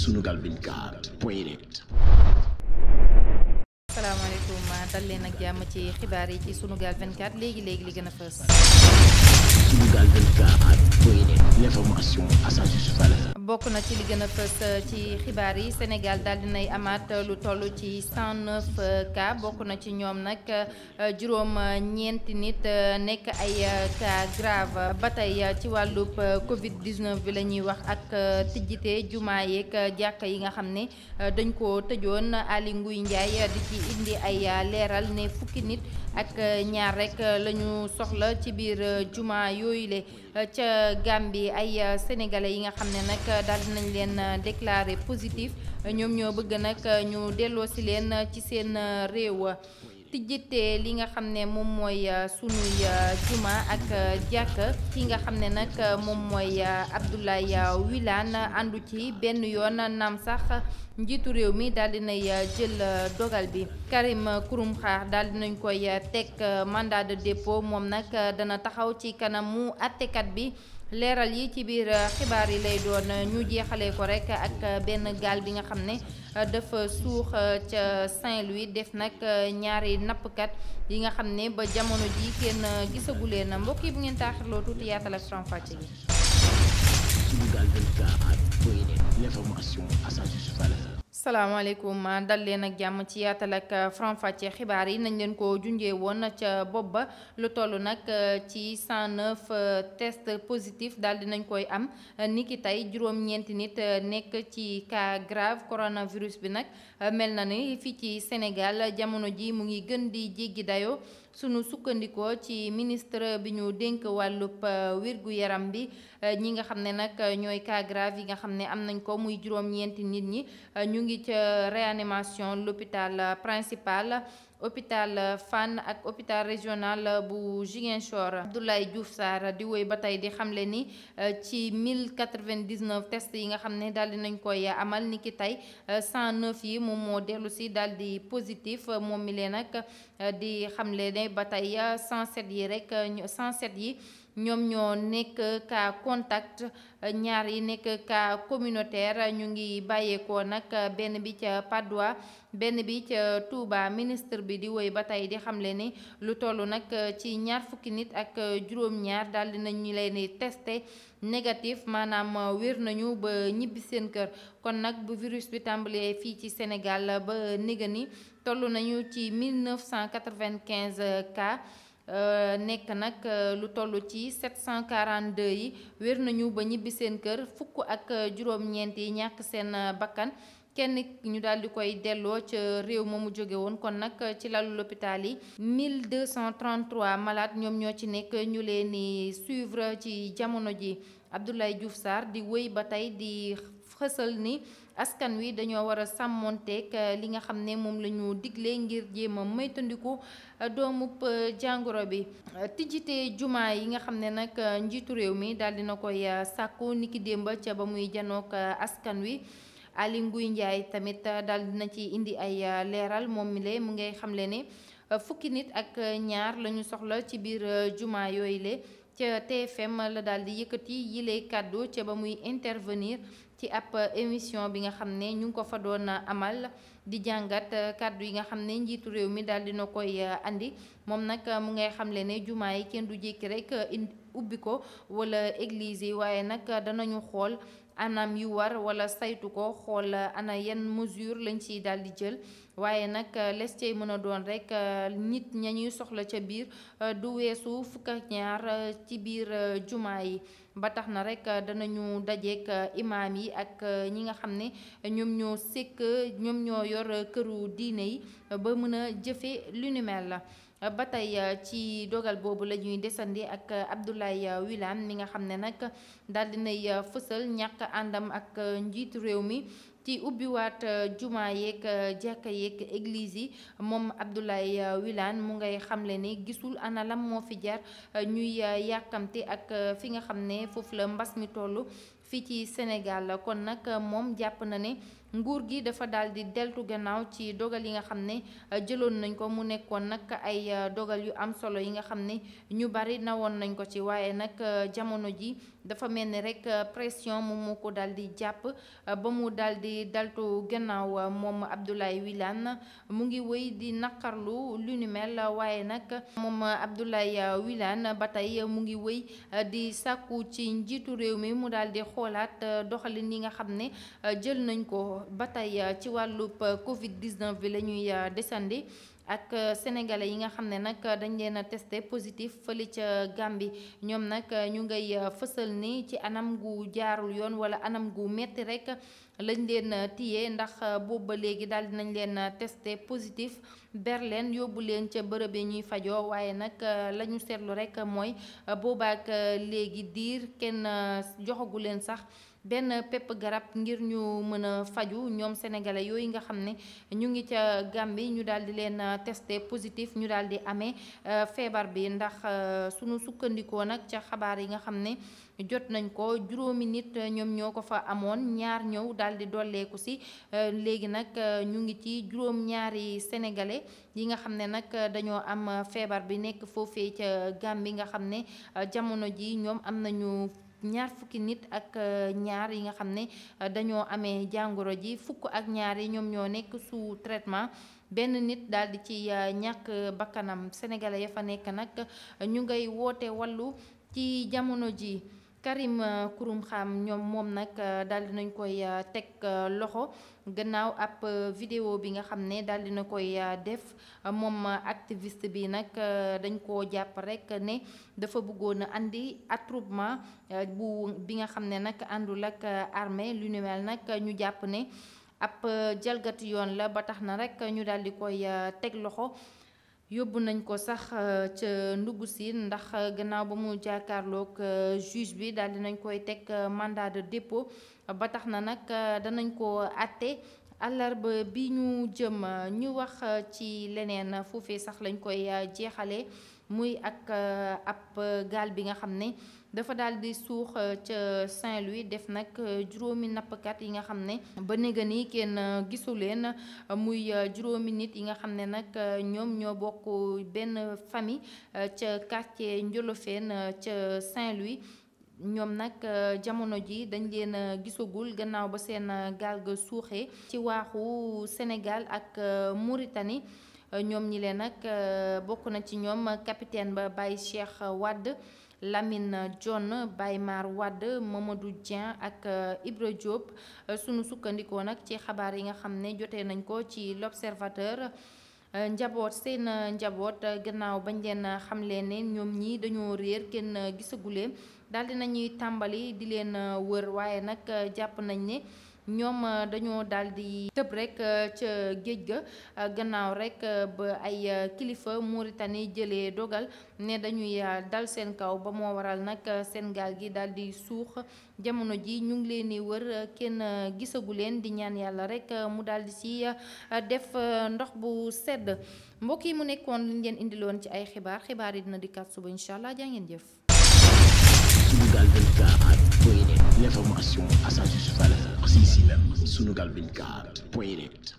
Sunugal 24 point net l'information à leen ak jàmm ci xibaar yi ci Sunugal 24 léegi léegi li gën a fës bokk na ci li gën fës euh, ci xibaar yi Sénégal daal dinay amaat euh, lu toll ci 109 euh, cas bokk na ci ñoom nag juróom ñeenti nit nekk ay cas grave ba tey ci wàllub Covid 19 bi la ñuy wax ak tijjite jumaa yeeg jàkk yi nga xam ne dañ ko tëjoon Aly Ngouille Ndiaye di ci indi ay leeral ne fukki nit ak ñaar rek la ñu soxla ci biir jumaa yooyu le Euh, ca Gambie ay euh, sénégalais yi nga xam ne nag euh, daal dinañ leen déclarer positif ñoom ñoo bëgg nag ñu delloo si leen ci seen réew wa tijjitee li nga xam ne moom mooy euh, sunuy euh, juma ak euh, jàkk ki nga xam ne nag moom mooy Abdoulaye Wilane àndu ci benn yoon naam sax njiitu réew mi daal nay jël dogal bi Karim Xurum Xax daal dinañ koy teg mandat de dépôt moom nag dana taxaw ci kanamu attekat bi leeral yi ci biir xibaar yi lay doon ñu jeexale ko rek ak benn gaal bi nga xam ne dafa suux euh, ca Saint-Louis def nag euh, ñaari nappkat yi nga xam ne ba jamono ji kenn euh, gisagu leen mbokki bu ngeen taaxirloo tuuti yaatal ak faram gi. salaamaaleykum dal leen ak jàmm ci yaatal ak uh, faram-fàcce xibaar yi nañ leen ko junjee woon ca bopp ba lu toll nag uh, ci 109 uh, test positif daal di nañ koy am niki tey juróom-ñeenti nit nekk ci cas grave coronavirus bi nag mel na ni fii ci Sénégal jamono ji mu ngi gën di jéggi dayoo sunu sukkandikoo ci ministre bi ñu dénk wàllub wirgu yaram bi ñi nga xam ne nag ñooy cas grave yi nga xam ne am nañ ko muy juróom-ñeenti nit ñi ngi ca réanimation l'hôpital principal hôpital Fann ak hôpital régional bu Ziguinchor Abdoulaye Diouf Sarr di woy ba tey di xamle ni euh, ci 1099 tests yi nga xam ne daldi nañ koy amal ni ki tey 109 euh, yi moom moo dellu si positif moom mi leen nag euh, di xamle ne ba tey 107 yi rek 107 yi ñoom ñoo nekk cas contact ñaar yi nekk cas communautaire ñu ngi bàyyeekoo nag benn bi ca Padoua benn bi ca Touba ministre bi di woy ba tey di xamle ni lu toll nag ci ñaar fukki nit ak juróom-ñaar daal dinañu leen di testé négatif maanaam wér nañu ba ñibbi seen kër kon nag bu virus bi tàmbalee fii ci Sénégal ba néga ni toll nañu ci 1995 cas Euh, nekk nag euh, lu toll ci 742 yi wér nañu ba ñibbi seen kër fukk ak euh, juróom-ñeent yi ñàkk seen bakkan kenn ñu daal di koy delloo ca réew ma mu jóge woon kon nag ci lalu l'hôpital yi 1233 malades ñoom ñoo ci nekk ñu leen di suivre ci jamono ji Abdoulaye Diouf Sarr di wéy ba tey di fësal ni askan wi dañoo war a sàmmonteeg euh, li nga xam ne moom la ñu digle ngir jéemam a moytandiku euh, doomub euh, jàngoro bi tijjite jumaa yi nga xam ne nag njiitu réew mi daal na koy sàkku niki démba ca ba muy janook askan wi Aly Ngouille Ndiaye tamit daal dina ci indi ay leeral moom mi le mu ngay xamle ne fukki nit ak ñaar lañu soxla ci biir jumaa yooyu le ca TFM la daal di yëkkati yile kàddu ca ba muy intervenir ci ab émission bi nga xam ne ñu ngi ko fa doon amal di jàngat kàddu yi nga xam ne njiitu réew mi daal na koy andi moom nag mu ngay xamle ne jumaa yi kenn du jékki rek ubbi ko wala église yi waaye nag danañu xool. anam yu war wala saytu ko xool euh, ana yan mesure lañ ciy daal di jël waaye nag euh, les cey mën a doon rek euh, nit ñañuy soxla ca biir du weesu fukk ci biir jumaa yi ba tax na rek danañu dajeek imaam yi ak ñi nga xam ne ñoom ñoo sekk ñoom ñoo yor këru diine yi ba mën a jëfe lu la ba tey euh, ci dogal boobu la ñuy desandi ak euh, Abdoulaye euh, wilaan li nga xam ne nag daal dinay fësal ñàkk àndam ak njiitu réew mi ci ubbiwaat juma yeeg jàkka yeeg église yi moom Abdoulaye wilaan mu ngay xamle ni gisul ana moo fi jar ñuy yàkkamte ak fi nga xam ne foofu la mbas mi toll fii ci Sénégal kon nag moom jàpp na ne nguur gi dafa daal di deltu gannaaw ci dogal yi nga xam ne euh, jëloon nañ ko mu nekkoon nag ay euh, dogal yu am solo yi nga xam ne ñu bari nawoon nañ ko ci waaye nag euh, jamono ji dafa mel ni rek pression moom moo ko daal di jàpp ba mu daal di deltu gannaaw moom Abdoulaye Wilane mu ngi wéy di naqarlu lu ni mel waaye nag moom Abdoulaye Wilane ba tey mu ngi wéy di sàkku ci njiitu réew mi mu daal di xoolaat doxalin yi nga xam ne jël nañ ko. ko ba tey euh, ci wàllu euh, Covid 19 bi la ñuy euh, desandi ak sénégalais yi nga xam ne nag dañ leen a testé positif fële ca Gàmbi ñoom nag ñu ngay fësal ni ci anam gu jaarul yoon wala anam gu metti rek lañ leen tiye ndax boobu ba léegi daal nañ leen testé positif ber leen yóbbu leen ca bërëb yi ñuy fajoo waaye nag la ñu seetlu rek mooy boobaak léegi diir kenn joxagu leen sax. benn pepp garab ngir ñu mën a faju ñoom sénégalais yooyu nga xam ne ñu ngi ca Gàmbi ñu daal di leen euh, teste positif ñu daal di amee euh, feebar bi ndax euh, sunu sukkandikoo nag ca xabaar yi nga xam ne jot nañ ko juróomi nit ñoom ñoo ko fa amoon ñaar ñëw daal di dolleeku si léegi nag ñu ngi ci juróom ñaari sénégalais yi nga xam ne nag dañoo am feebar bi nekk foofe ca Gàmbi nga xam ne jamono ji ñoom am nañu ñaar fukki nit ak euh, ñaar yi nga xam ne euh, dañoo amee jàngoro ji fukk ak ñaar yi ñoom ñoo nekk sous traitement benn nit daal di ci euh, ñàkk bakkanam sénégalais ya fa nekk nag ñu ngay woote wàllu ci jamono ji Karim Xurum euh, Xaam ñoom moom nag euh, daal di nañ koy euh, teg loxo gannaaw ab vidéo bi nga xam ne daal dina koy def moom activiste bi nag dañ koo jàpp rek ne dafa bëggoon a andi attroupement bu bi nga xam ne nag àndul ak armée lu ni mel nag ñu jàpp ne ab jalgati yoon la ba tax na rek ñu daal di koy teg loxo. yóbbu nañ ko sax euh, ca ndugg siin ndax euh, gannaaw ba mu jàkkaarloog euh, juge bi daal dinañ koy teg mandat de dépôt ba tax na nag danañ ko àtte àllarba bi ñu jëm ñu wax ci leneen foofee sax lañ koy jeexale muy ak ab gaal bi nga xam ne dafa daal di suux euh, ca Saint-Louis def nag euh, juróomi nappkat yi nga xam ne ba néega ni kenn euh, gisu leen muy juróomi nit yi nga xam ne nag ñoom ñoo bokk benn famille ca quartier Ndiolofène ca Saint-Louis ñoom nag jamono ji dañ leen gisagul gannaaw ba seen gaal ga suuxee ci waaxu senegal ak Mauritanie ñoom ñi leen nag bokk na ci ñoom capitaine ba bàyyi Cheikh Wade Lamine John Baymar wadd Mamadou Dieng ak euh, Ibra Diop euh, sunu sukkandikoo nag ci xabaar yi nga xam ne jotee nañ ko ci l'Observateur euh, njaboot seen njaboot gannaaw bañ leen xamle ne ñoom ñi dañoo réer kenn gisaguleen daal di nañuy tàmbali di leen wër waaye nag jàpp nañ ne ñoom euh, dañoo daldi di tëb rek euh, ca géej ga euh, gannaaw rek ba ay kilifa Mauritanie jëlee dogal ne dañuy dal seen kaw ba moo waral nag seen gi daal suux jamono ji ñu ngi leen di wër kenn gisagu leen di ñaan yàlla rek mu daal di si def ndox bu sedd mbokk yi mu nekkoon liñ leen indiloon ci ay xibaar xibaar yi na di suba incha allah jaa ngeen jëf. l'information à sa juste valeur, c'est ici même, sunugal24.net